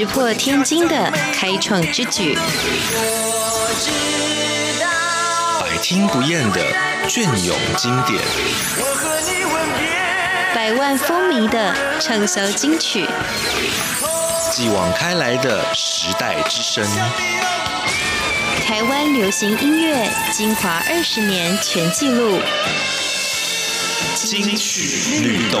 石破天驚的開創之舉，百聽不厭的雋永經典，百萬風靡的暢銷金曲，繼往開來的時代之聲，台灣流行音樂精華二十年全紀錄，金曲律動。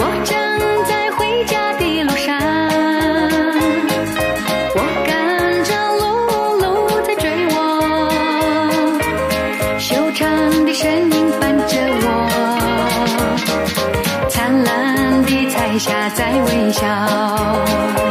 我正在回家的路上，我趕著路，路在追我，修長的身影伴着我，燦爛的彩霞在微笑。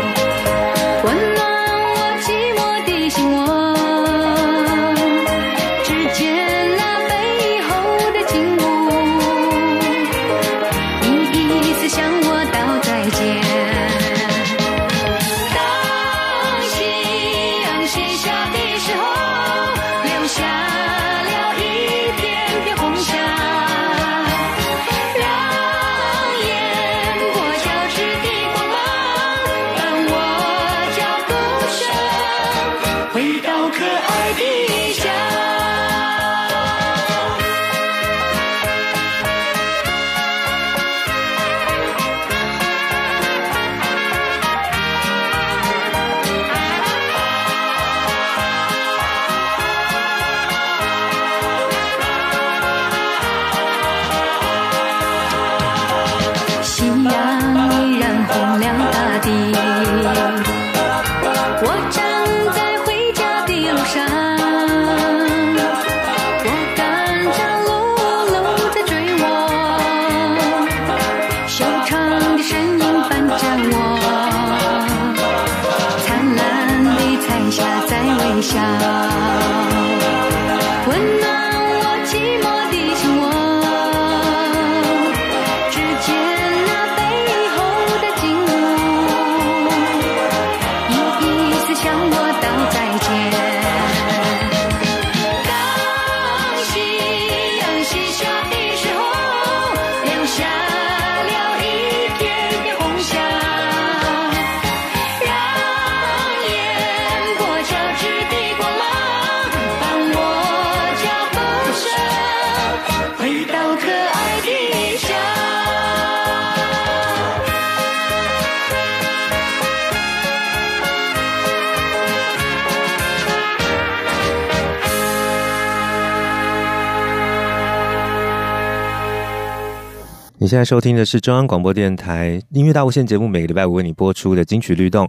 你現在收聽的是中央廣播電臺音樂大無限節目，每個禮拜五為你播出的《金曲律動》，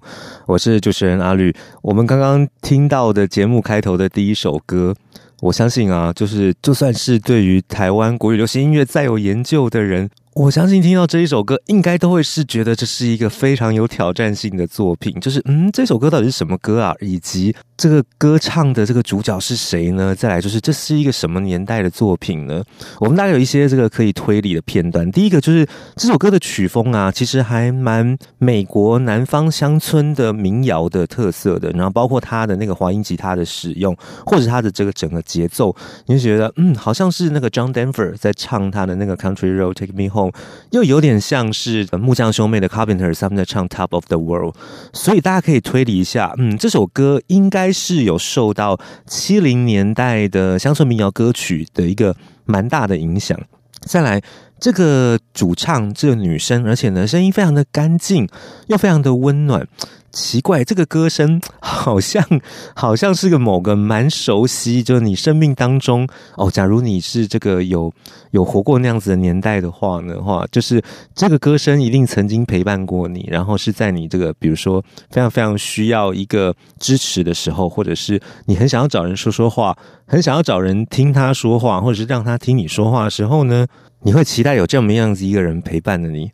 我是主持人阿綠。我們剛剛聽到的節目開頭的第一首歌，我相信啊，就是就算是對於臺灣國語流行音樂再有研究的人，我相信聽到這一首歌，應該都會是覺得這是一個非常有挑戰性的作品。就是嗯，這首歌到底是什麼歌啊？以及這個歌唱的這個主角是誰呢？再來就是這是一個什麼年代的作品呢？我們大概有一些這個可以推理的片段。第一個就是這首歌的曲風啊，其實還蠻美國南方鄉村的民謠的特色的。然後包括它的那個滑音吉他的使用，或者它的這個整個節奏，你就覺得嗯，好像是那個 John Denver 在唱他的那個 Country Road Take Me Home，又有點像是、呃、木匠兄妹的 Carpenters 他們在唱 Top of the World。所以大家可以推理一下，嗯，這首歌應該。是有受到七零年代的鄉村民謠歌曲的一個蠻大的影響。再來，這個主唱這個女生，而且呢，聲音非常的乾淨，又非常的溫暖。奇怪，這個歌聲好像好像是個某個蠻熟悉，就是你生命當中哦，假如你是這個有有活過那樣子的年代的話呢，的話就是這個歌聲一定曾經陪伴過你，然後是在你這個比如說非常非常需要一個支持的時候，或者是你很想要找人說說話，很想要找人聽他說話，或者是讓他聽你說話的時候呢，你會期待有這麼樣子一個人陪伴着你。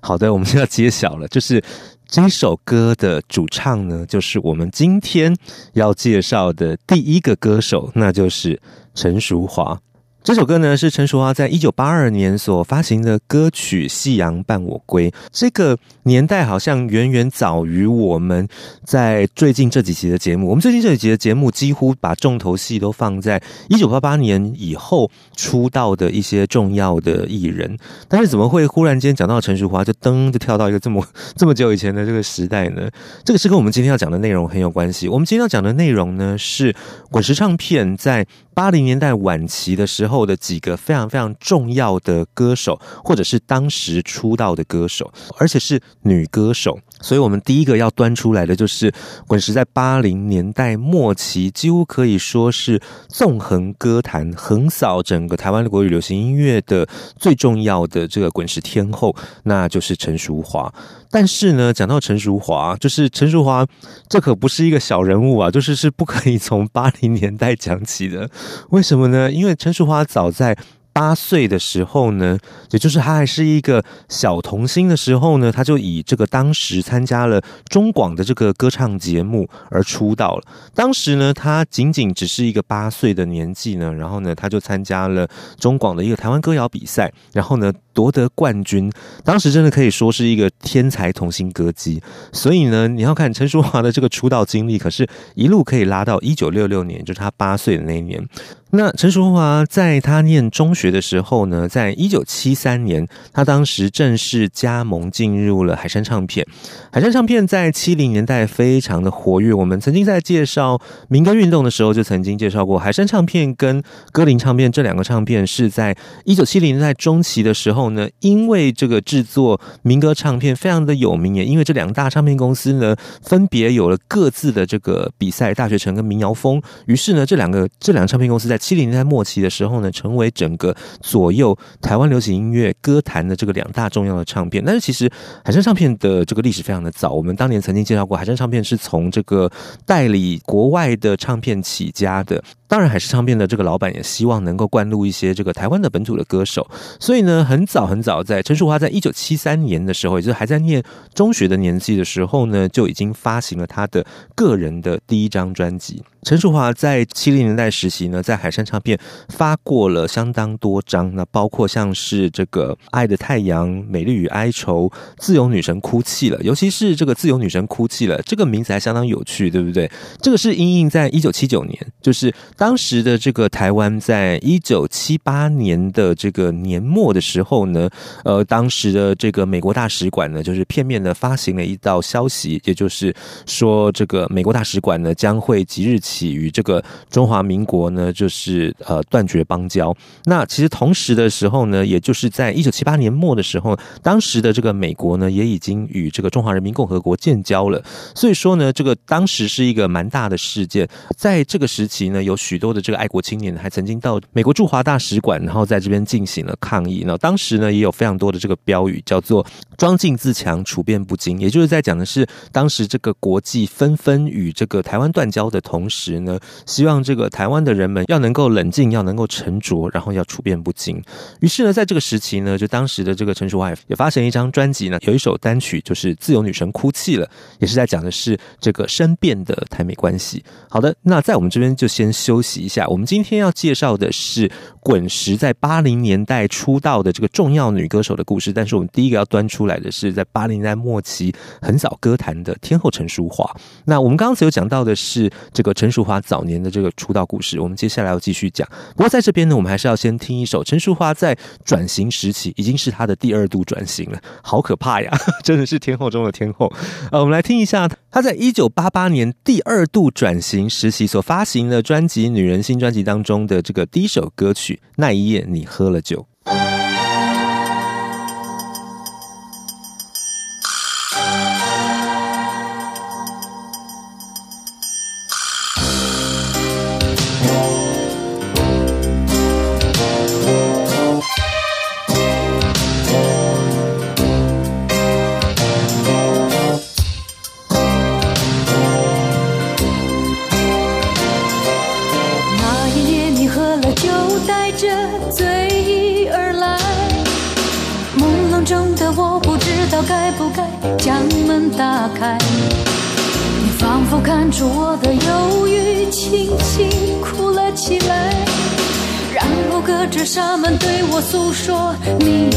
好的，我們現在揭曉了，就是這首歌的主唱呢，就是我們今天要介紹的第一個歌手，那就是陳淑樺。這首歌呢是陳淑樺在一九八二年所發行的歌曲《夕陽伴我歸》。這個年代好像遠遠早於我們在最近這幾集的節目。我們最近這幾集的節目幾乎把重頭戲都放在一九八八年以後出道的一些重要的藝人。但是怎麼會忽然間講到陳淑樺，就噔就跳到一個這麼這麼久以前的這個時代呢？這個是跟我們今天要講的內容很有關係。我們今天要講的內容呢是滾石唱片在。八零年代晚期的時候的幾個非常非常重要的歌手，或者是當時出道的歌手，而且是女歌手。所以我們第一個要端出來的，就是滾石在八零年代末期，幾乎可以說是縱橫歌壇、橫掃整個台灣的國語流行音樂的最重要的這個滾石天後，那就是陳淑樺。但是呢，講到陳淑樺，就是陳淑樺，這可不是一個小人物啊，就是是不可以從八零年代講起的。為什麼呢？因為陳淑樺早在。八歲的時候呢，也就是他還是一個小童星的時候呢，他就以這個當時參加了中廣的這個歌唱節目而出道了。當時呢，他僅僅只是一個八歲的年紀呢，然後呢，他就參加了中廣的一個台灣歌謠比賽，然後呢。奪得冠軍，當時真的可以說是一個天才童星歌姬。所以呢，你要看陳淑樺的這個出道經歷，可是一路可以拉到一九六六年，就是他八歲的那一年。那陳淑樺在他念中學的時候呢，在一九七三年，他當時正式加盟進入了海山唱片。海山唱片在七零年代非常的活躍。我們曾經在介紹民歌運動的時候，就曾經介紹過海山唱片跟歌林唱片這兩個唱片是在一九七零年代中期的時候呢？因為這個制作民歌唱片非常的有名，也因為這兩大唱片公司呢，分別有了各自的這個比賽，大學城跟民謠風。於是呢，這兩個這兩個唱片公司在七零年代末期的時候呢，成為整個左右台灣流行音樂歌壇的這個兩大重要的唱片。但是其實海山唱片的這個歷史非常的早，我們當年曾經介紹過，海山唱片是從這個代理國外的唱片起家的。當然，海山唱片的這個老板也希望能夠灌錄一些這個台灣的本土的歌手，所以呢，很早。早很早在，陳述在陳淑樺在一九七三年的時候，也就是還在念中學的年紀的時候呢，就已經發行了他的個人的第一張專輯。陳淑樺在七零年代時期呢，在海山唱片發過了相當多張，那包括像是這個《愛的太陽》、《美麗與哀愁》、《自由女神哭泣了》，尤其是這個《自由女神哭泣了》這個名字還相當有趣，對不對？這個是因應在一九七九年，就是當時的這個台灣，在一九七八年的這個年末的時候呢。呢？呃，當時的這個美國大使館呢，就是片面的發行了一道消息，也就是說，這個美國大使館呢將會即日起與這個中華民國呢，就是呃斷絕邦交。那其實同時的時候呢，也就是在一九七八年末的時候，當時的這個美國呢也已經與這個中華人民共和國建交了。所以說呢，這個當時是一個蠻大的事件。在這個時期呢，有許多的這個愛國青年還曾經到美國駐華大使館，然後在這邊進行了抗議。那當時呢，也有非常多的這個標語，叫做“莊敬自強，處變不驚”，也就是在講的是當時這個國際紛紛與這個台灣斷交的同時呢，希望這個台灣的人們要能夠冷靜，要能夠沉着，然後要處變不驚。於是呢，在這個時期呢，就當時的這個陳淑樺也發行一張專輯呢，有一首單曲就是《自由女神哭泣了》，也是在講的是這個生變的台美關係。好的，那在我們這邊就先休息一下。我們今天要介紹的是滾石在八零年代出道的這個。重要女歌手的故事，但是我們第一個要端出來的是在八零年代末期橫掃歌壇的天后陳淑樺。那我們剛才有講到的是這個陳淑樺早年的這個出道故事，我們接下來要繼續講。不過在這邊呢，我們還是要先聽一首陳淑樺在轉型時期，已經是她的第二度轉型了，好可怕呀！真的是天后中的天後。呃，我們來聽一下她在一九八八年第二度轉型時期所發行的專輯《女人》新專輯當中的這個第一首歌曲《那一夜你喝了酒》。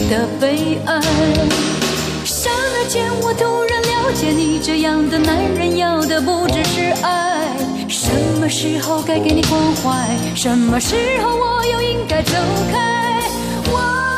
的悲哀。剎那間，我突然了解你，這樣的男人要的不只是愛。什麼時候該給你關懷？什麼時候我又應該走開？我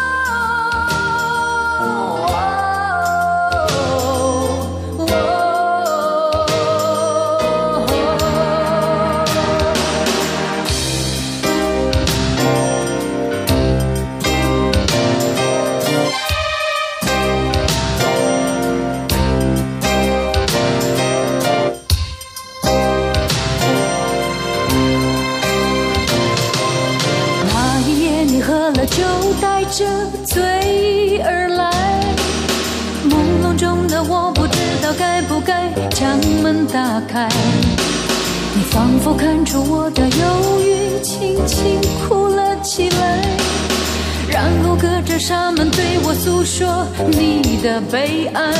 沙門對我訴說你的悲哀。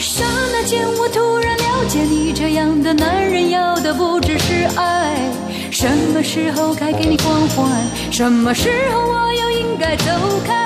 剎那間，我突然了解你，這樣的男人要的不只是愛。什麼時候該給你關懷？什麼時候我又應該走開？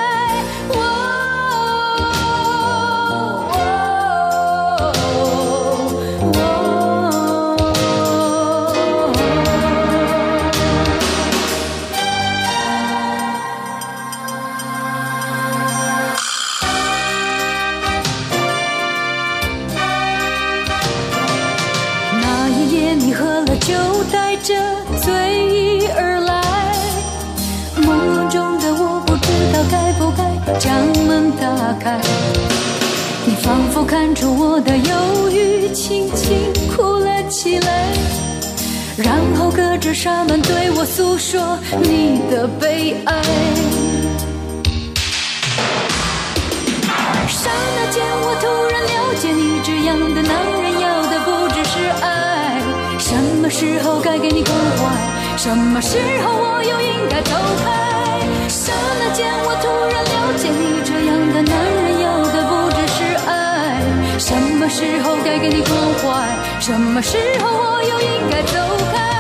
看出我的憂鬱，輕輕哭了起來，然後隔着紗門對我訴說你的悲哀。剎那間，我突然了解你，這樣的男人要的不只是愛。什麼時候該給你關懷？什麼時候我又應該走開？剎那間，我突然了解你，這樣的男人。什麼時候該給你關懷？什麼時候我又應該走開？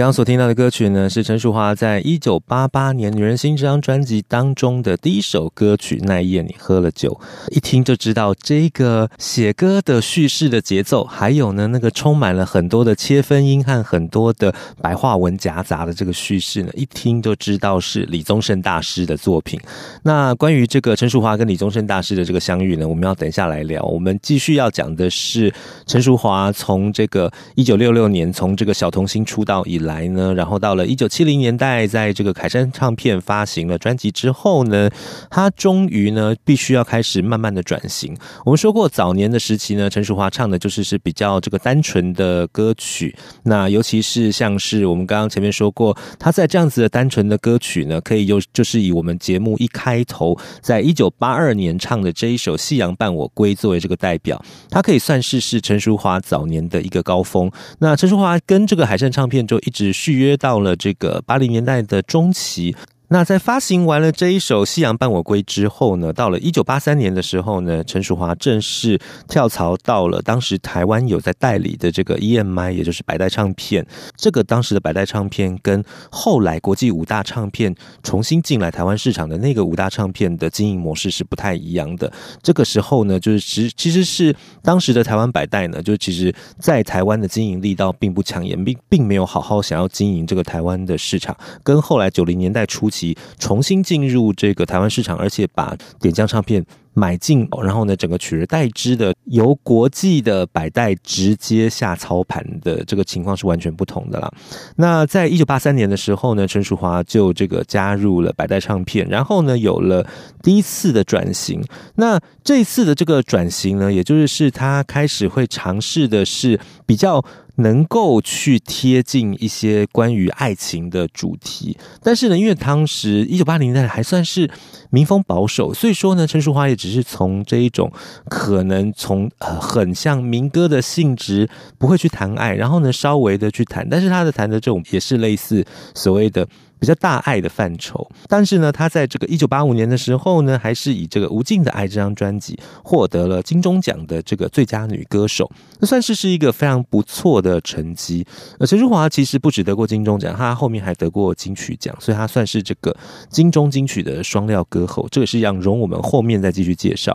剛剛所聽到的歌曲呢，是陳淑樺在一九八八年《女人心》這張專輯當中的第一首歌曲《那一夜你喝了酒》。一聽就知道這個寫歌的敘事的節奏，還有呢那個充滿了很多的切分音和很多的白話文夾雜的這個敘事呢，一聽就知道是李宗盛大師的作品。那關於這個陳淑樺跟李宗盛大師的這個相遇呢，我們要等一下來聊。我們繼續要講的是陳淑樺從這個一九六六年從這個小童星出道以來。來呢，然後到了一九七零年代，在這個海山唱片發行了專輯之後呢，他終於呢必須要開始慢慢的轉型。我們說過早年的時期呢，陳淑樺唱的就是是比較這個單純的歌曲，那尤其是像是我們剛剛前面說過，他在這樣子的單純的歌曲呢，可以有就是以我們節目一開頭，在一九八二年唱的這一首《夕陽伴我歸》作為這個代表，他可以算是是陳淑樺早年的一個高峰。那陳淑樺跟這個海山唱片就一直。是續約到了這個八零年代的中期。那在發行完了這一首《夕陽伴我歸》之後呢，到了一九八三年的時候呢，陳淑樺正式跳槽到了當時台灣有在代理的這個 EMI，也就是百代唱片。這個當時的百代唱片跟後來國際五大唱片重新進來台灣市場的那個五大唱片的經營模式是不太一樣的。這個時候呢，就是實其實是當時的台灣百代呢，就其實在台灣的經營力道並不強，也並並沒有好好想要經營這個台灣的市場，跟後來九零年代初期。重新進入這個台灣市場，而且把點將唱片買進，然後呢，整個取而代之的由國際的百代直接下操盤的這個情況是完全不同的啦。那在一九八三年的時候呢，陳淑樺就這個加入了百代唱片，然後呢，有了第一次的轉型。那這次的這個轉型呢，也就是是他開始會嘗試的是比較，能夠去貼近一些關於愛情的主題，但是呢，因為當時一九八零年代還算是民風保守，所以說呢，陳淑樺也只是從這一種可能從呃很像民歌的性質，不會去談愛，然後呢，稍微的去談，但是他的談的這種也是類似所謂的。比較大愛的範疇，但是呢，她在這個一九八五年的時候呢，還是以這個《無盡的愛》這張專輯獲得了金鐘獎的這個最佳女歌手，那算是是一個非常不錯的成績。而陳淑樺其實不止得過金鐘獎，她後面還得過金曲獎，所以她算是這個金鐘金曲的雙料歌後。這個是一樣，容我們後面再繼續介紹。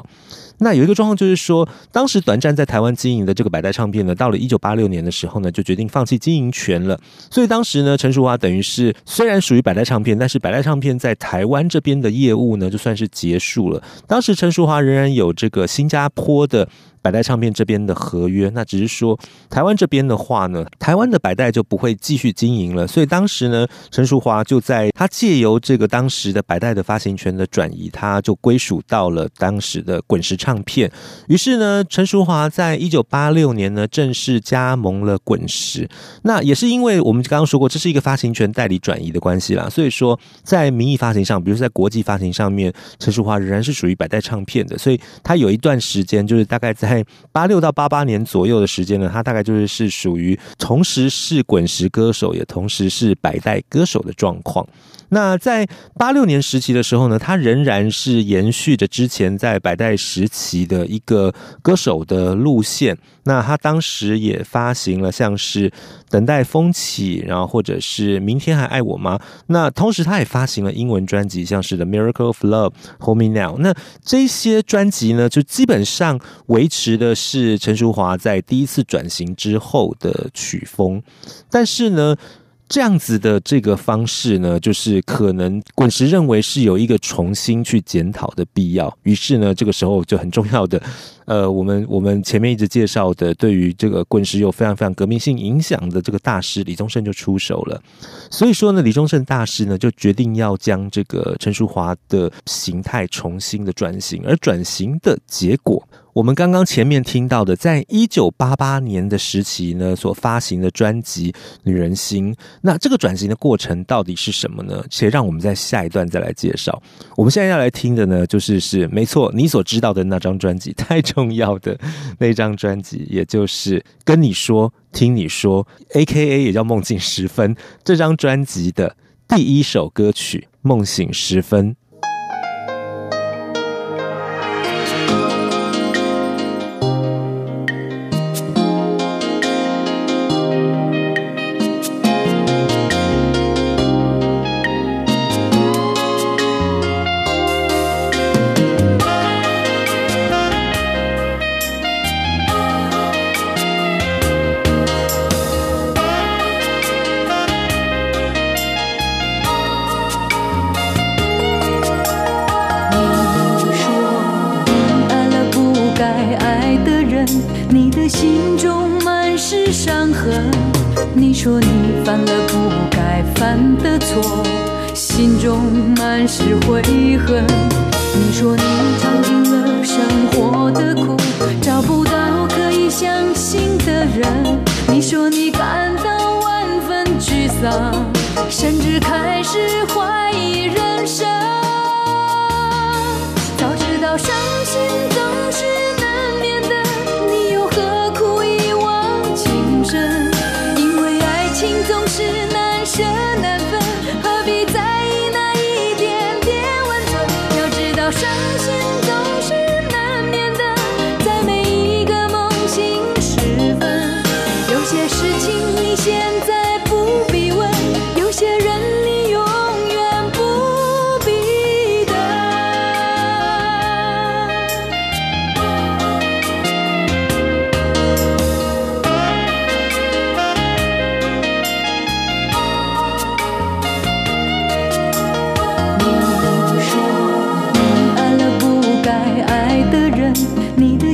那有一個狀況就是說，當時短暫在台灣經營的這個百代唱片呢，到了一九八六年的時候呢，就決定放棄經營權了。所以當時呢，陳淑樺等於是雖然屬於百代唱片，但是百代唱片在台灣這邊的業務呢，就算是結束了。當時陳淑樺仍然有這個新加坡的。百代唱片這邊的合約，那只是說台灣這邊的話呢，台灣的百代就不會繼續經營了。所以當時呢，陳淑樺就在他借由這個當時的百代的發行權的轉移，他就歸屬到了當時的滾石唱片。於是呢，陳淑樺在一九八六年呢正式加盟了滾石。那也是因為我們剛剛說過，這是一個發行權代理轉移的關係啦，所以說在名義發行上，比如說在國際發行上面，陳淑樺仍然是屬於百代唱片的。所以他有一段時間就是大概在。在八六到八八年左右的時間呢，他大概就是是屬於同時是滾石歌手，也同時是百代歌手的狀況。那在八六年時期的時候呢，他仍然是延續着之前在百代時期的一個歌手的路線。那他當時也發行了像是，等待風起，然後或者是明天還愛我嗎？那同時，他也發行了英文專輯，像是《The Miracle of Love》，《Hold Me Now》。那這些專輯呢，就基本上維持的是陳淑樺在第一次轉型之後的曲風。但是呢，這樣子的這個方式呢，就是可能滾石認為是有一個重新去檢討的必要。於是呢，這個時候就很重要的。呃，我們我們前面一直介紹的，對於這個滾石有非常非常革命性影響的這個大師李宗盛就出手了。所以說呢，李宗盛大師呢就決定要將這個陳淑樺的形態重新的轉型。而轉型的結果，我們剛剛前面聽到的，在一九八八年的時期呢，所發行的專輯《女人心》。那這個轉型的過程到底是什麼呢？且讓我們在下一段再來介紹。我們現在要來聽的呢，就是，是沒錯，你所知道的那張專輯《太》。重要的那張專輯，也就是跟你說、聽你說，A K A 也叫《夢境時分》這張專輯的第一首歌曲《夢醒時分》。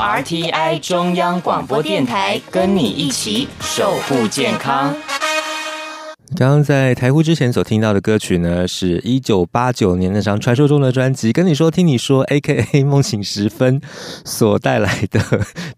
RTI 中央廣播電台，跟你一起守護健康。剛剛在台呼之前所聽到的歌曲呢，是一九八九年那張傳說中的專輯，跟你說聽你說，AKA 夢醒時分所帶來的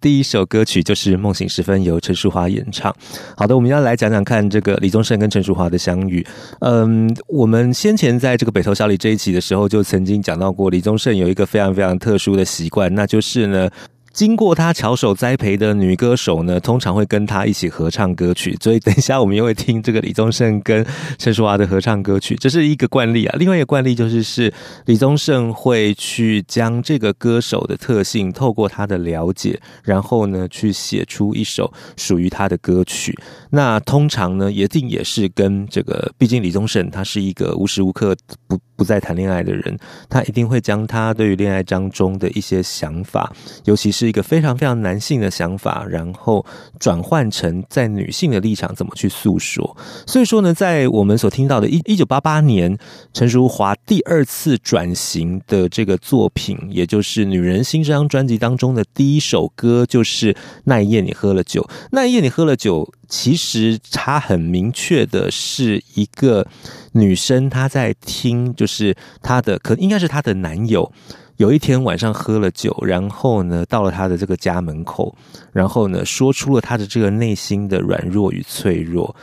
第一首歌曲，就是夢醒時分，由陳淑樺演唱。好的，我們要來講講看這個李宗盛跟陳淑樺的相遇。嗯，我們先前在這個北投小李這一集的時候，就曾經講到過李宗盛有一個非常非常特殊的習慣，那就是呢。經過他巧手栽培的女歌手呢，通常會跟他一起合唱歌曲，所以等一下我們又會聽這個李宗盛跟陳淑桦的合唱歌曲，這是一個慣例啊。另外一個慣例就是是李宗盛會去將這個歌手的特性透過他的了解，然後呢去寫出一首屬於他的歌曲。那通常呢，一定也是跟這個，畢竟李宗盛他是一個無時無刻不。不再談戀愛的人，他一定會將他對於戀愛當中的一些想法，尤其是一個非常非常男性的想法，然後轉換成在女性的立場怎麼去訴說。所以說呢，在我們所聽到的一一九八八年陳淑樺第二次轉型的這個作品，也就是《女人心》這張專輯當中的第一首歌，就是《那一夜你喝了酒》。那一夜你喝了酒，其實它很明確的是一個。女生她在聽，就是她的，可應該是她的男友，有一天晚上喝了酒，然後呢到了她的這個家門口，然後呢說出了她的這個內心的軟弱與脆弱。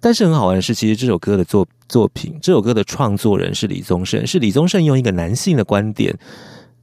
但是很好玩的是，其實這首歌的作、作品，這首歌的創作人是李宗盛，是李宗盛用一個男性的觀點。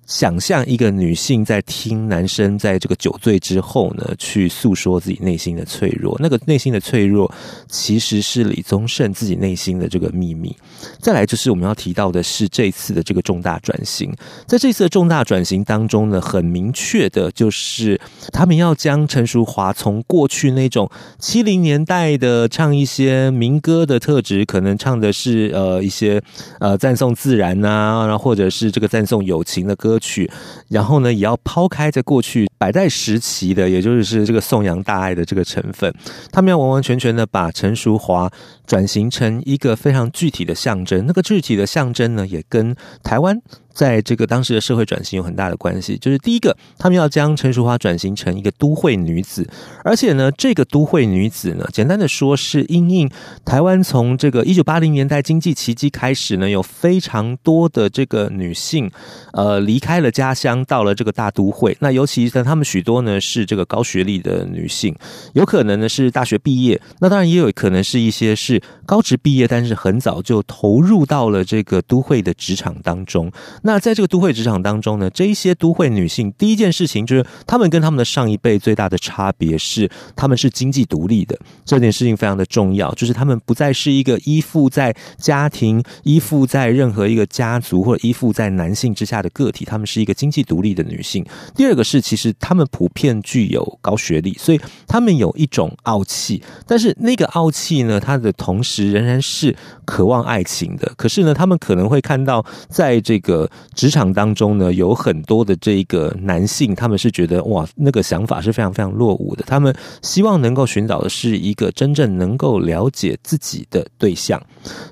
想象一個女性在聽男生在這個酒醉之後呢，去訴說自己內心的脆弱。那個內心的脆弱，其實是李宗盛自己內心的這個秘密。再來就是我們要提到的是這次的這個重大轉型。在這次的重大轉型當中呢，很明確的就是他們要將陳淑樺從過去那種七零年代的唱一些民歌的特質，可能唱的是呃一些呃讚頌自然吶、啊，然後或者是這個讚頌友情的歌。去，然後呢，也要拋開在過去百代時期的，也就是這個頌揚大愛的這個成分，他們要完完全全的把陳淑樺轉型成一個非常具體的象徵。那個具體的象徵呢，也跟台灣。在這個當時的社會轉型有很大的關係，就是第一個，他們要將陳淑樺轉型成一個都會女子，而且呢，這個都會女子呢，簡單的說，是因應台灣從這個一九八零年代經濟奇蹟開始呢，有非常多的這個女性，呃，離開了家鄉，到了這個大都會。那尤其呢，他們許多呢是這個高學歷的女性，有可能呢是大學畢業，那當然也有可能是一些是高職畢業，但是很早就投入到了這個都會的職場當中。那在這個都會職場當中呢，這些都會女性第一件事情就是，她們跟她們的上一輩最大的差別是，她們是經濟獨立的。這件事情非常的重要，就是她們不再是一個依附在家庭、依附在任何一個家族或者依附在男性之下的個體，她們是一個經濟獨立的女性。第二個是，其實她們普遍具有高學歷，所以她們有一種傲氣，但是那個傲氣呢，她的同時仍然是渴望愛情的。可是呢，她們可能會看到在這個職場當中呢，有很多的這個男性，他們是覺得哇，那個想法是非常非常落伍的。他們希望能夠尋找的是一個真正能夠了解自己的對象。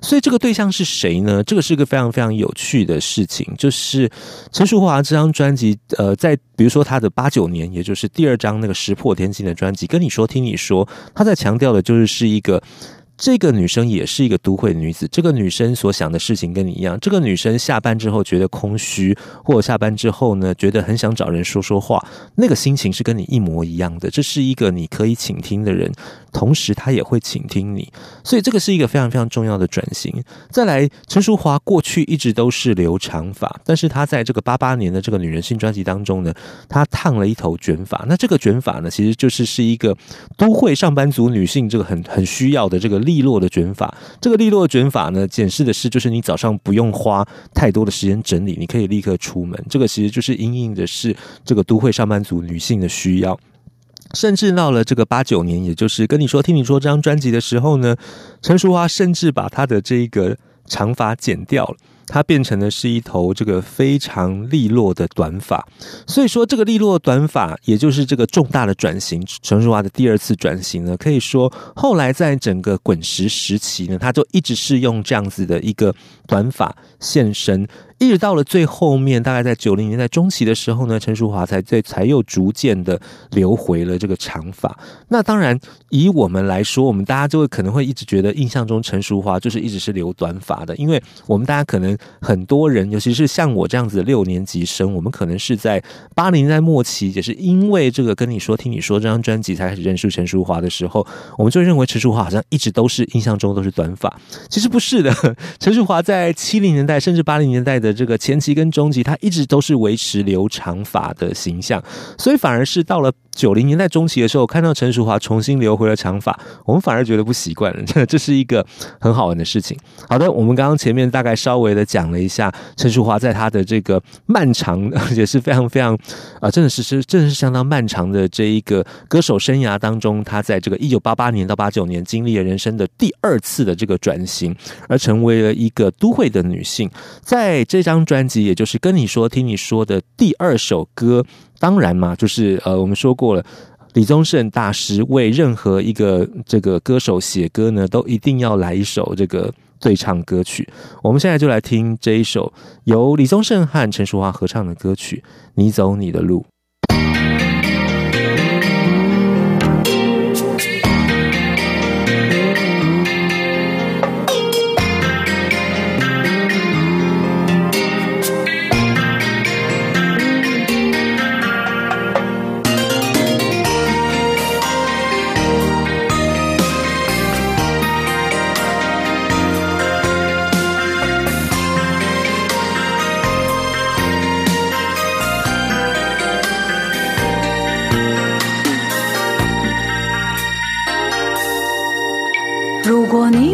所以這個對象是誰呢？這個是個非常非常有趣的事情。就是陳淑樺這張專輯，呃，在比如說他的八九年，也就是第二張那個石破天驚的專輯，跟你說，聽你說，他在強調的就是是一個。這個女生也是一個都會的女子，這個女生所想的事情跟你一樣。這個女生下班之後覺得空虛，或者下班之後呢，覺得很想找人說說話，那個心情是跟你一模一樣的。這是一個你可以傾聽的人，同時她也會傾聽你，所以這個是一個非常非常重要的轉型。再來，陳淑樺過去一直都是留長髮，但是她在這個八八年的這個《女人心》專輯當中呢，她燙了一頭捲髮。那這個捲髮呢，其實就是是一個都會上班族女性這個很很需要的這個。利落的捲髮，這個利落的捲髮呢，顯示的是就是你早上不用花太多的時間整理，你可以立刻出門。這個其實就是因應的是這個都會上班族女性的需要，甚至到了這個八九年，也就是跟你說聽你說這張專輯的時候呢，陳淑樺甚至把她的這一個長髮剪掉了。它變成的是一頭這個非常利落的短髮，所以說這個利落短髮，也就是這個重大的轉型，陳淑樺的第二次轉型呢，可以說後來在整個滾石時期呢，它就一直是用這樣子的一個短髮現身。一直到了最後面，大概在九零年代中期的時候呢，陳淑樺才最才又逐漸的留回了這個長髮。那當然，以我們來說，我們大家就會可能會一直覺得印象中陳淑樺就是一直是留短髮的，因為我們大家可能很多人，尤其是像我這樣子的六年級生，我們可能是在八零年代末期，也是因為這個跟你說聽你說這張專輯才開始認識陳淑樺的時候，我們就會認為陳淑樺好像一直都是印象中都是短髮，其實不是的。陳淑樺在七零年代甚至八零年代的。的這個前期跟中期，他一直都是維持留長髮的形象，所以反而是到了九零年代中期的時候，看到陳淑樺重新留回了長髮，我們反而覺得不習慣了，這是一個很好玩的事情。好的，我們剛剛前面大概稍微的講了一下陳淑樺在她的這個漫長，也是非常非常啊、呃，真的是真真的是相當漫長的這一個歌手生涯當中，她在這個一九八八年到八九年經歷了人生的第二次的這個轉型，而成為了一個都會的女性，在這個。這張專輯，也就是跟你說、聽你說的第二首歌，當然嘛，就是呃，我們說過了，李宗盛大師為任何一個這個歌手寫歌呢，都一定要來一首這個對唱歌曲。我們現在就來聽這一首由李宗盛和陳淑桦合唱的歌曲《你走你的路》。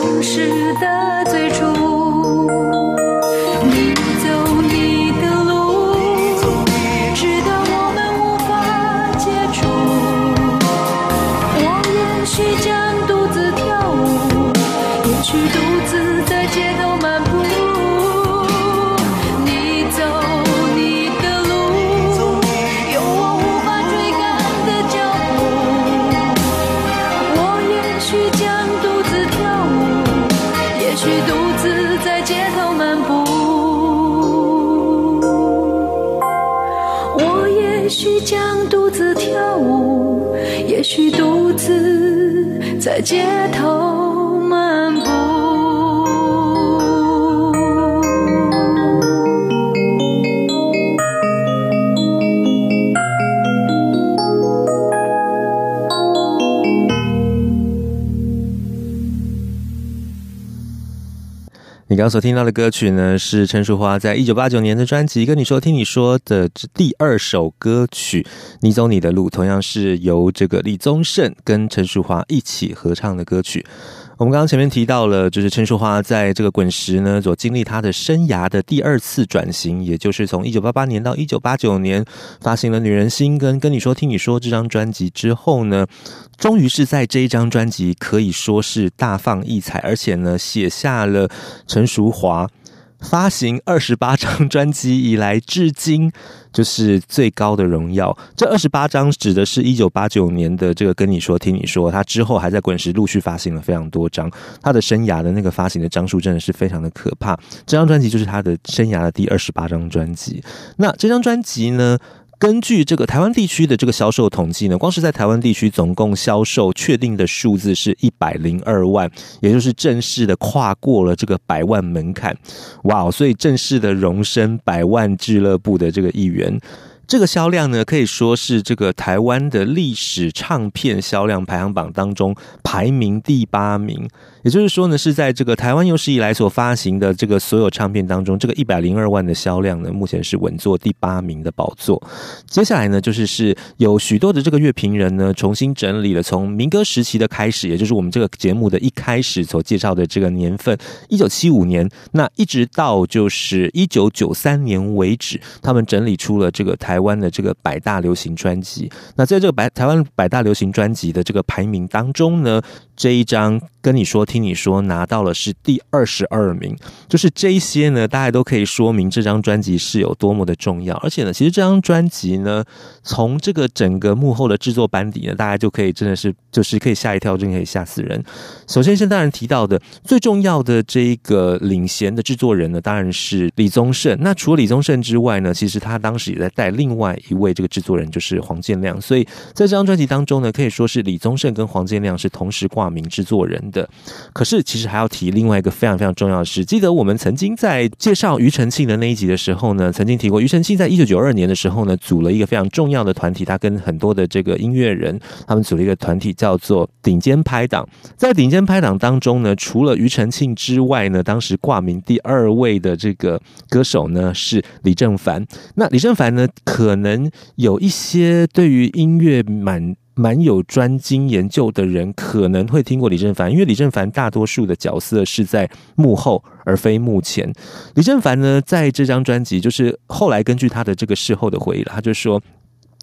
當時的你剛所聽到的歌曲呢，是陳淑樺在一九八九年的專輯《跟你說、聽你說》的第二首歌曲《你走你的路》，同樣是由這個李宗盛跟陳淑樺一起合唱的歌曲。我們剛剛前面提到了，就是陳淑樺在這個滾石呢所經歷他的生涯的第二次轉型，也就是從一九八八年到一九八九年發行了《女人心》跟跟你說聽你說這張專輯之後呢，終於是在這一張專輯可以說是大放異彩，而且呢寫下了陳淑樺。發行二十八張專輯以來，至今就是最高的榮耀。這二十八張指的是一九八九年的這個跟你說聽你說，他之後還在滾石陸續發行了非常多張。他的生涯的那個發行的張數真的是非常的可怕。這張專輯就是他的生涯的第二十八張專輯。那這張專輯呢，根據這個台灣地區的這個銷售統計呢，光是在台灣地區總共銷售確定的數字是一百零二萬，也就是正式的跨過了這個百萬門檻，哇哦！所以正式的榮升百萬俱樂部的這個一員。這個銷量呢，可以說是這個台灣的歷史唱片銷量排行榜當中排名第八名。也就是說呢，是在這個台灣有史以來所發行的這個所有唱片當中，這個一百零二萬的銷量呢，目前是穩坐第八名的寶座。接下來呢，就是是有許多的這個樂評人呢，重新整理了從民歌時期的開始，也就是我們這個節目的一開始所介紹的這個年份，一九七五年，那一直到就是一九九三年為止，他們整理出了這個台。台灣的這個百大流行專輯，那在這個百台台灣百大流行專輯的這個排名當中呢，這一張跟你說、聽你說拿到了是第二十二名，就是這一些呢，大家都可以說明這張專輯是有多麼的重要。而且呢，其實這張專輯呢，從這個整個幕後的製作班底呢，大家就可以真的是就是可以嚇一跳，真可以嚇死人。首先，現當然提到的最重要的這一個領銜的製作人呢，當然是李宗盛。那除了李宗盛之外呢，其實他當時也在帶另。另外一位這個製作人就是黃建亮，所以在這張專輯當中呢，可以說是李宗盛跟黃建亮是同時掛名製作人的。可是其實還要提另外一個非常非常重要的事，記得我們曾經在介紹庾澄慶的那一集的時候呢，曾經提過庾澄慶在一九九二年的時候呢，組了一個非常重要的團體，他跟很多的這個音樂人，他們組了一個團體叫做“頂尖拍檔”。在“頂尖拍檔”當中呢，除了庾澄慶之外呢，當時掛名第二位的這個歌手呢是李正凡。那李正凡呢？可能有一些對於音樂蠻蠻有專精研究的人，可能會聽過李正帆，因為李正帆大多數的角色是在幕後，而非幕前。李正帆呢，在這張專輯，就是後來根據他的這個事後的回憶了，他就說。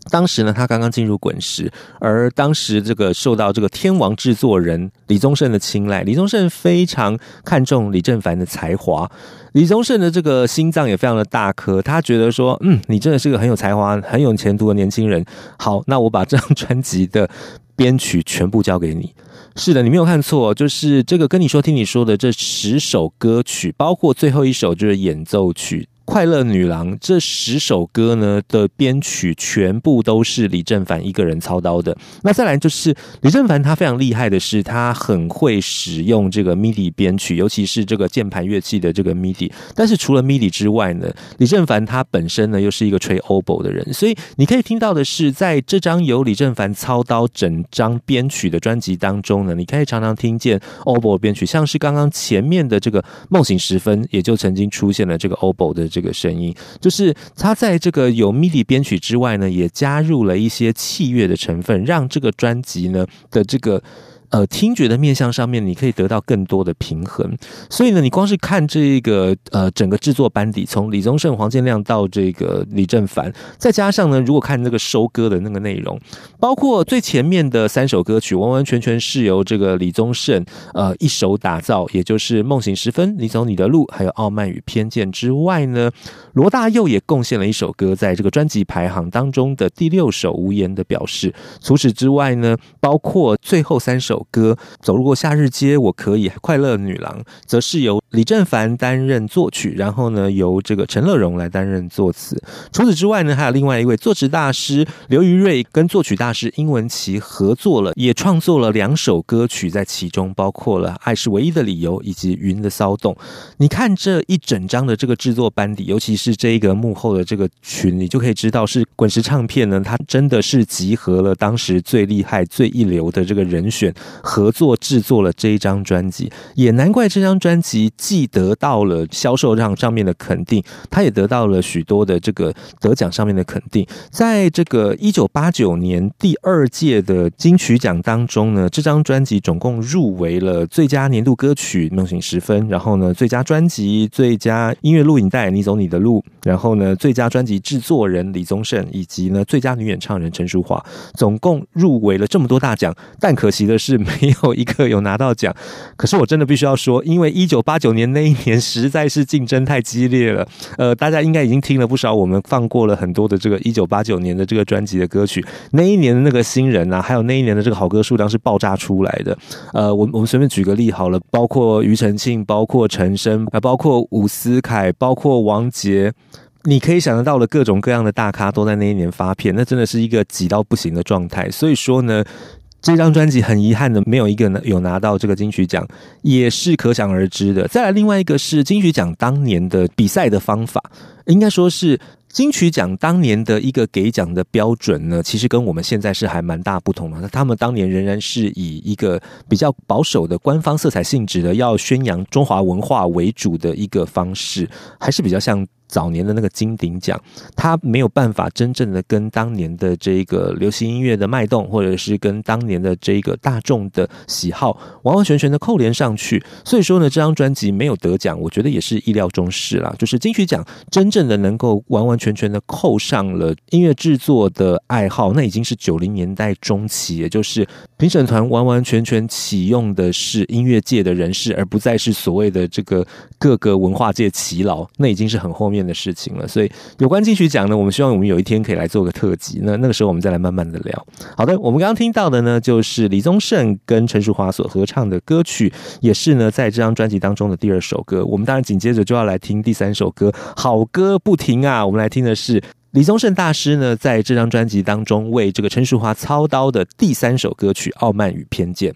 當時呢，他剛剛進入滾石，而當時這個受到這個天王製作人李宗盛的青睞。李宗盛非常看重李正帆的才華，李宗盛的這個心臟也非常的大顆，他覺得說，嗯，你真的是個很有才華、很有前途的年輕人。好，那我把這張專輯的編曲全部交給你。是的，你沒有看錯，就是這個跟你說、聽你說的這十首歌曲，包括最後一首就是演奏曲。快樂女郎這十首歌呢的編曲全部都是李正帆一個人操刀的。那再來就是李正帆，他非常厲害的是他很會使用這個 MIDI 編曲，尤其是這個鍵盤樂器的這個 MIDI。但是除了 MIDI 之外呢，李正帆他本身呢又是一個吹 Oboe 的人，所以你可以聽到的是，在這張由李正帆操刀整張編曲的專輯當中呢，你可以常常聽見 Oboe 編曲，像是剛剛前面的這個夢醒時分，也就曾經出現了這個 Oboe 的這個。這個聲音就是他在這個有 MIDI 編曲之外呢，也加入了一些器樂的成分，讓這個專輯呢的這個。呃，聽覺的面向上面，你可以得到更多的平衡。所以呢，你光是看這個呃整個製作班底，從李宗盛、黃健亮到這個李正帆，再加上呢，如果看那個收歌的那個內容，包括最前面的三首歌曲，完完全全是由這個李宗盛呃一手打造，也就是《夢醒時分》、《你走你的路》還有《傲慢與偏見》之外呢，羅大佑也貢獻了一首歌，在這個專輯排行當中的第六首《無言的表示》。除此之外呢，包括最後三首。歌走入過夏日街，我可以快樂女郎，則是由李正帆擔任作曲，然後呢，由這個陳樂融來擔任作詞。除此之外呢，還有另外一位作詞大師劉虞瑞跟作曲大師殷文琦合作了，也創作了兩首歌曲，在其中包括了《愛是唯一的理由》以及《雲的騷動》。你看這一整張的這個制作班底，尤其是這一個幕後的這個群，你就可以知道是滾石唱片呢，它真的是集合了當時最厲害、最一流的這個人選。合作製作了這一張專輯，也難怪這張專輯既得到了銷售量上、上面的肯定，他也得到了許多的這個得獎上面的肯定。在這個一九八九年第二屆的金曲獎當中呢，這張專輯總共入圍了最佳年度歌曲《夢醒時分》，然後呢最佳專輯、最佳音樂錄影帶《你走你的路》，然後呢最佳專輯製作人李宗盛，以及呢最佳女演唱人陳淑樺，總共入圍了這麼多大獎。但可惜的是。沒有一個有拿到獎，可是我真的必須要說，因為一九八九年那一年實在是競爭太激烈了。呃，大家應該已經聽了不少，我們放過了很多的這個一九八九年的這個專輯的歌曲。那一年的那個新人啊，還有那一年的這個好歌數量是爆炸出來的。呃，我我們隨便舉個例好了，包括庾澄慶，包括陳升，還包括伍思凱，包括王杰，你可以想得到的各種各樣的大咖都在那一年發片，那真的是一個擠到不行的狀態。所以說呢。這張專輯很遺憾的沒有一個呢有拿到這個金曲獎，也是可想而知的。再來，另外一個是金曲獎當年的比賽的方法，應該說是金曲獎當年的一個給獎的標準呢，其實跟我們現在是還蠻大不同的。那他們當年仍然是以一個比較保守的官方色彩性質的，要宣揚中華文化為主的一個方式，還是比較像，早年的那個金鼎獎，他沒有辦法真正的跟當年的這個流行音樂的脈動，或者是跟當年的這個大眾的喜好完完全全的扣連上去。所以說呢，這張專輯沒有得獎，我覺得也是意料中事了。就是金曲獎真正的能夠完完全全的扣上了音樂製作的愛好，那已經是九零年代中期，也就是評審團完完全全啟用的是音樂界的人士，而不再是所謂的這個各個文化界耆老，那已經是很後面的的事情了，所以有關金曲獎呢，我們希望我們有一天可以來做個特輯，那那個時候我們再來慢慢的聊。好的，我們剛剛聽到的呢，就是李宗盛跟陳淑樺所合唱的歌曲，也是呢在這張專輯當中的第二首歌。我們當然緊接着就要來聽第三首歌，好歌不停啊！我們來聽的是李宗盛大師呢在這張專輯當中為這個陳淑樺操刀的第三首歌曲《傲慢與偏見》。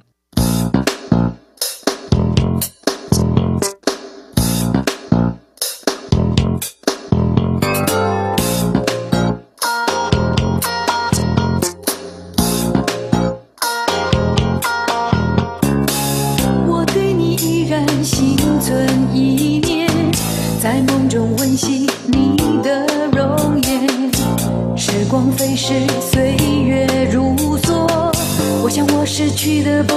在夢中溫習你的容顏，時光飛逝，歲月如梭。我想我失去的不。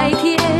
白天。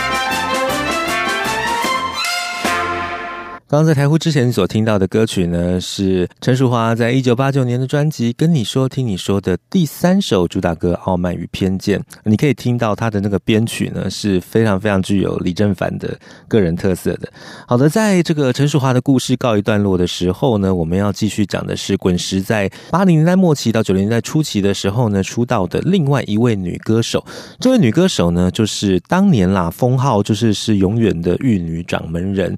剛剛在台呼之前所聽到的歌曲呢，是陳淑樺在一九八九年的專輯《跟你說、聽你說》的第三首主打歌《傲慢與偏見》。你可以聽到他的那個編曲呢，是非常非常具有李正凡的個人特色的。好的，在這個陳淑樺的故事告一段落的時候呢，我們要繼續講的是滾石在八零年代末期到九零年代初期的時候呢，出道的另外一位女歌手。這位女歌手呢，就是當年啦封號就是是永遠的玉女掌門人，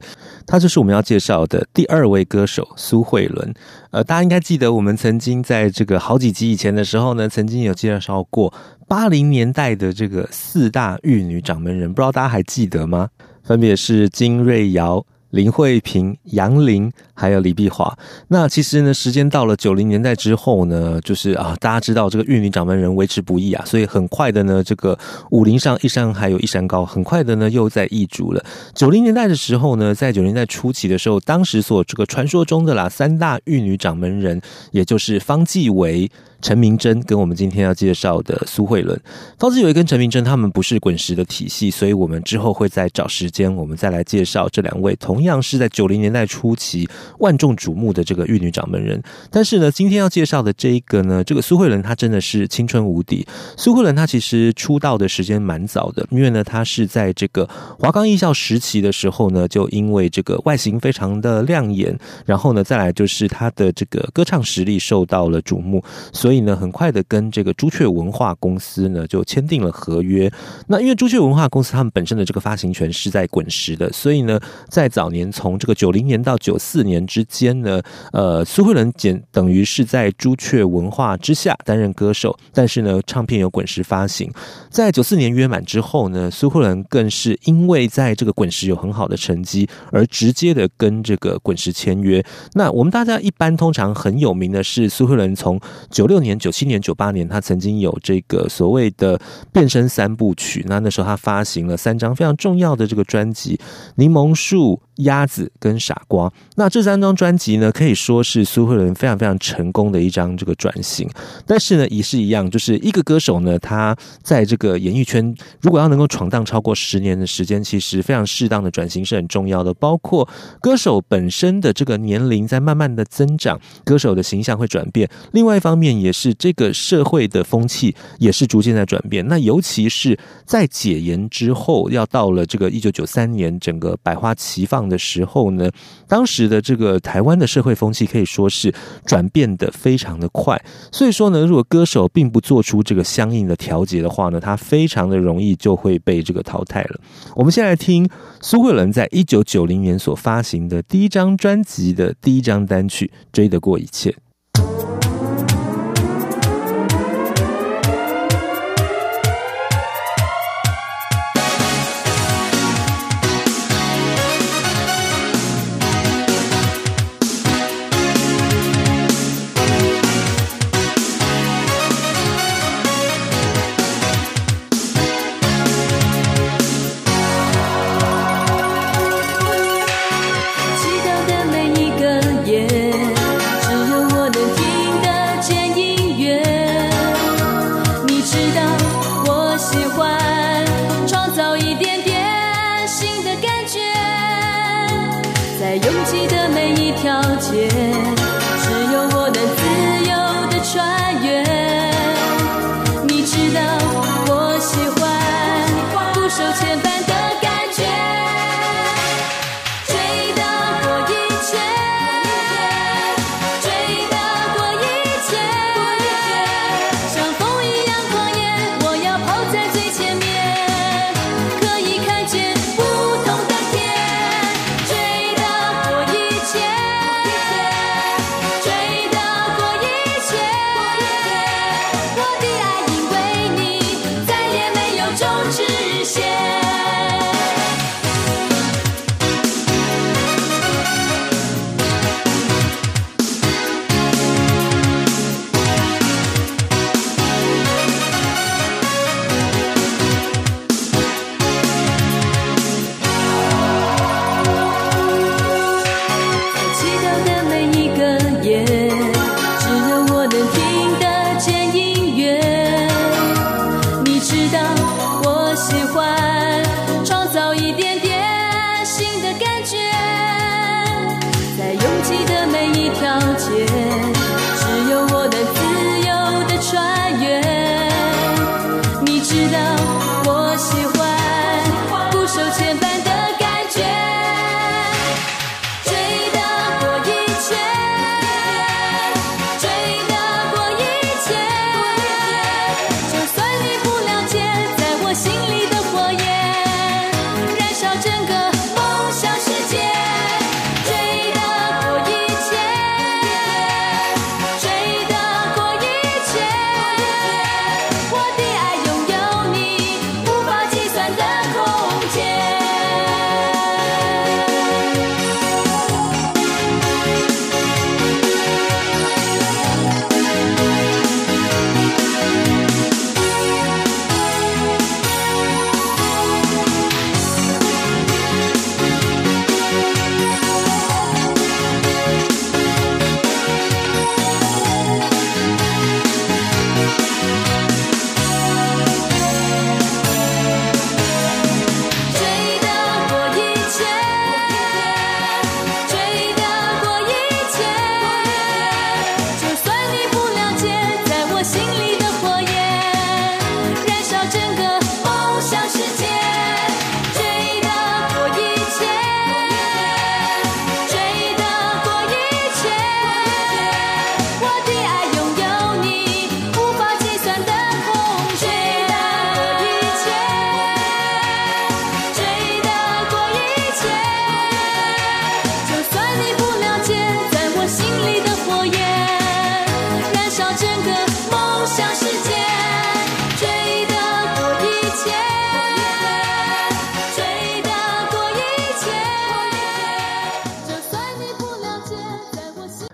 她就是我們要。介紹的第二位歌手蘇慧倫，呃，大家應該記得，我們曾經在這個好幾集以前的時候呢，曾經有介紹過八零年代的這個四大玉女掌門人，不知道大家還記得嗎？分別是金瑞瑤。林慧萍、楊林，還有李碧華。那其實呢，時間到了九零年代之後呢，就是啊，大家知道這個玉女掌門人維持不易啊，所以很快的呢，這個武林上一山還有一山高，很快的呢又在易主了。九零年代的時候呢，在九零年代初期的時候，當時所這個傳說中的啦三大玉女掌門人，也就是方季惟。陳明真跟我們今天要介紹的蘇慧倫，方季惟跟陳明真，他們不是滾石的體系，所以我們之後會再找時間，我們再來介紹這兩位，同樣是在九零年代初期萬眾矚目的這個玉女掌門人。但是呢，今天要介紹的這一個呢，這個蘇慧倫她真的是青春無敵。蘇慧倫她其實出道的時間蠻早的，因為呢，她是在這個華岡藝校時期的時候呢，就因為這個外形非常的亮眼，然後呢，再來就是她的這個歌唱實力受到了矚目，所以。所以呢，很快的跟這個朱雀文化公司呢就簽訂了合約。那因為朱雀文化公司他們本身的這個發行權是在滾石的，所以呢，在早年從這個九零年到九四年之間呢，呃，蘇慧倫簡等於是在朱雀文化之下擔任歌手，但是呢，唱片由滾石發行。在九四年約滿之後呢，蘇慧倫更是因為在這個滾石有很好的成績，而直接的跟這個滾石簽約。那我們大家一般通常很有名的是蘇慧倫從九六年九七年、九八年，他曾經有這個所謂的變身三部曲。那那時候他發行了三張非常重要的這個專輯《檸檬樹》。鴨子跟傻瓜，那這三張專輯呢，可以說是蘇慧倫非常非常成功的一張這個轉型。但是呢，也是一樣，就是一個歌手呢，他在這個演藝圈如果要能夠闖蕩超過十年的時間，其實非常適當的轉型是很重要的。包括歌手本身的這個年齡在慢慢的增長，歌手的形象會轉變。另外一方面，也是這個社會的風氣也是逐漸在轉變。那尤其是在解嚴之後，要到了這個一九九三年，整個百花齊放，的時候呢，當時的這個台灣的社會風氣可以說是轉變的非常的快，所以說呢，如果歌手並不做出這個相應的調節的話呢，他非常的容易就會被這個淘汰了。我們現在聽蘇慧倫在一九九零年所發行的第一張專輯的第一張單曲《追得過一切》。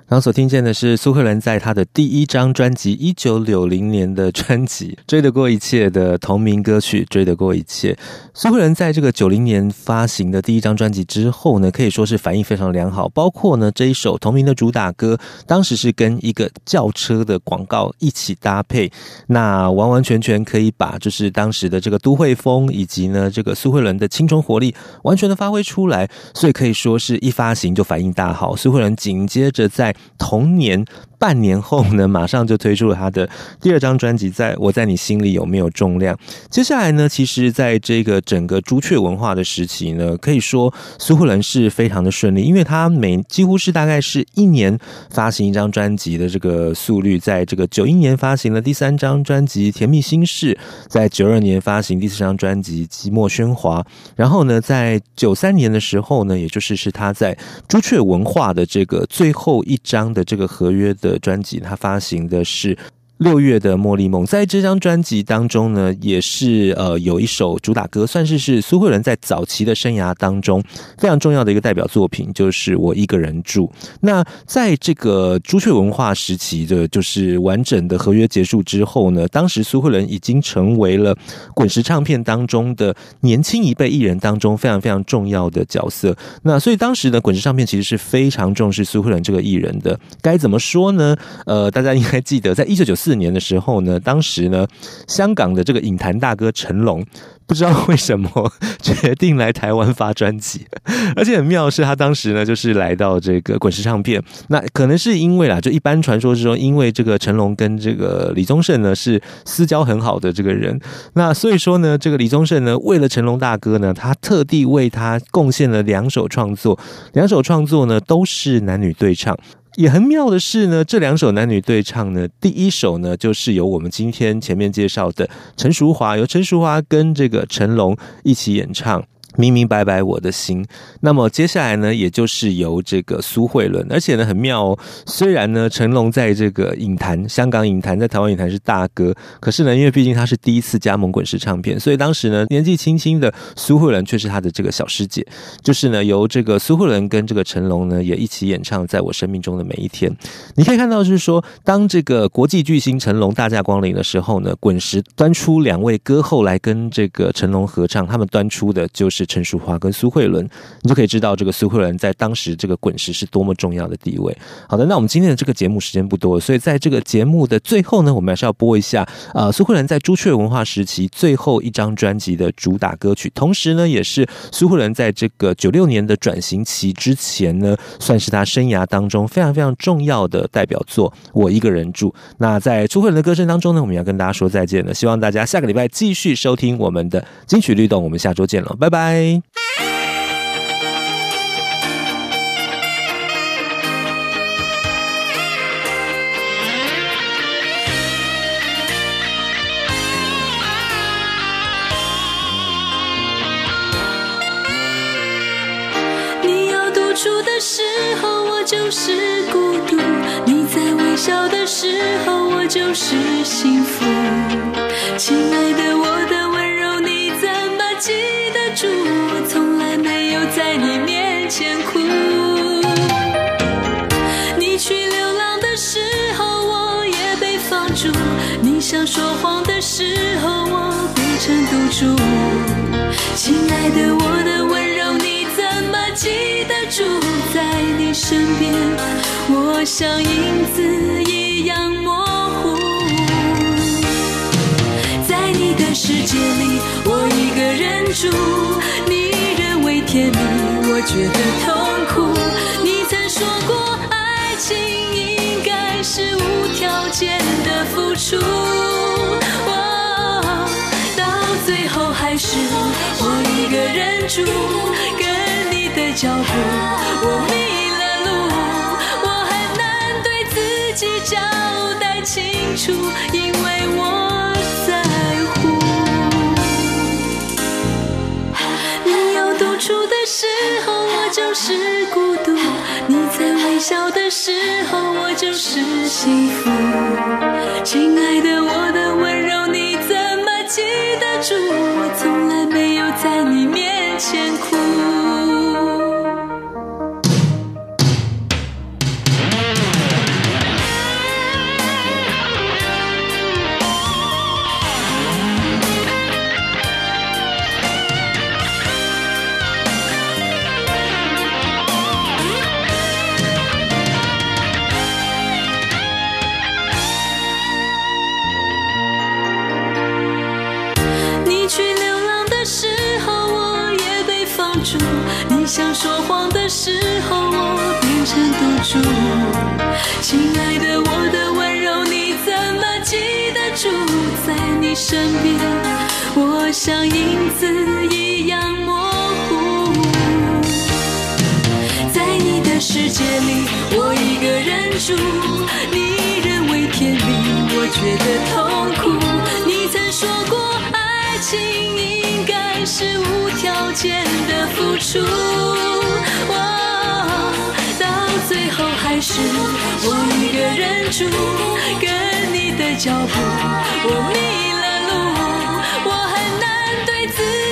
剛所聽見的是蘇慧倫在她的第一張專輯《一九九零年的專輯》《追得過一切》的同名歌曲《追得過一切》。蘇慧倫在這個九零年發行的第一張專輯之後呢，可以說是反應非常良好，包括呢這一首同名的主打歌，當時是跟一個轎車的廣告一起搭配，那完完全全可以把就是當時的這個都會風以及呢這個蘇慧倫的青春活力完全的發揮出來，所以可以說是一發行就反應大好。蘇慧倫緊接着在童年。半年後呢，馬上就推出了他的第二張專輯，在我，在你心裡有沒有重量？接下來呢，其實在這個整個朱雀文化的時期呢，可以說蘇慧倫是非常的順利，因為他每，幾乎是大概是一年發行一張專輯的這個速率，在這個九一年發行了第三張專輯《甜蜜心事》，在九二年發行第四張專輯《寂寞喧嘩》，然後呢，在九三年的時候呢，也就是是他在朱雀文化的這個最後一張的這個合約的。的專輯，他發行的是。六月的《茉莉夢》，在這張專輯當中呢，也是呃有一首主打歌，算是是蘇慧倫在早期的生涯當中非常重要的一個代表作品，就是《我一個人住》。那在這個朱雀文化時期的，就是完整的合約結束之後呢，當時蘇慧倫已經成為了滾石唱片當中的年輕一輩藝人當中非常非常重要的角色。那所以當時呢，滾石唱片其實是非常重視蘇慧倫這個藝人的。該怎麼說呢？呃，大家應該記得，在一九九四四年的時候呢，當時呢，香港的這個影壇大哥成龍，不知道為什麼決定來台灣發專輯，而且很妙是他當時呢，就是來到這個滾石唱片。那可能是因為啦，就一般傳說之中，因為這個成龍跟這個李宗盛呢是私交很好的這個人，那所以說呢，這個李宗盛呢，為了成龍大哥呢，他特地為他貢獻了兩首創作，兩首創作呢都是男女對唱。也很妙的是呢，這兩首男女對唱呢，第一首呢，就是由我們今天前面介紹的陳淑樺，由陳淑樺跟這個成龍一起演唱。明明白白我的心。那麼接下來呢，也就是由這個蘇慧倫，而且呢很妙。哦，雖然呢成龍在這個影壇，香港影壇在台灣影壇是大哥，可是呢，因為畢竟他是第一次加盟滾石唱片，所以當時呢年紀輕輕的蘇慧倫卻是他的這個小師姐。就是呢由這個蘇慧倫跟這個成龍呢也一起演唱《在我生命中的每一天》。你可以看到，就是說當這個國際巨星成龍大駕光臨的時候呢，滾石端出兩位歌後來跟這個成龍合唱，他們端出的就是。陳淑樺跟蘇慧倫，你就可以知道這個蘇慧倫在當時這個滾石是多麼重要的地位。好的，那我們今天的這個節目時間不多了，所以在這個節目的最後呢，我們還是要播一下呃蘇慧倫在朱雀文化時期最後一張專輯的主打歌曲，同時呢，也是蘇慧倫在這個九六年的轉型期之前呢，算是她生涯當中非常非常重要的代表作《我一個人住》。那在蘇慧倫的歌聲當中呢，我們要跟大家說再見了，希望大家下個禮拜繼續收聽我們的金曲律動，我們下周見了，拜拜。你要獨處的時候，我就是孤獨；你在微笑的時候，我就是幸福。親愛的，我的溫柔你怎麼記？說謊的時候，我變成賭注。親愛的，我的溫柔你怎麼記得住？在你身邊，我像影子一樣模糊。在你的世界裡，我一個人住。你認為甜蜜，我覺得痛苦。你曾說過，愛情應該是無條件的付出。我一個人住，跟你的腳步，我迷了路，我很難對自己交代清楚，因為我在乎。你要獨處的時候，我就是孤獨；你在微笑的時候，我就是幸福。身邊，我像影子一樣模糊。在你的世界裡，我一個人住。你認為甜蜜，我覺得痛苦。你曾說過，愛情應該是無條件的付出。到最後，還是我一個人住，跟你的腳步，我迷路。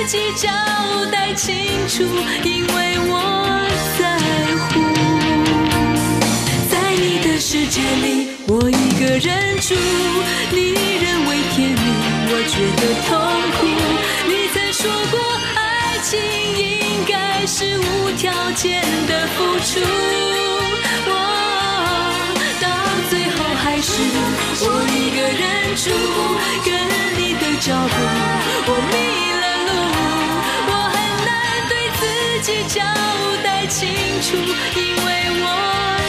自己交代清楚，因為我在乎。在你的世界裡，我一個人住。你認為甜蜜，我覺得痛苦。你曾說過，愛情應該是無條件的付出。我到最後還是我一個人住，跟你的腳步，我迷了。交代清楚，因為我。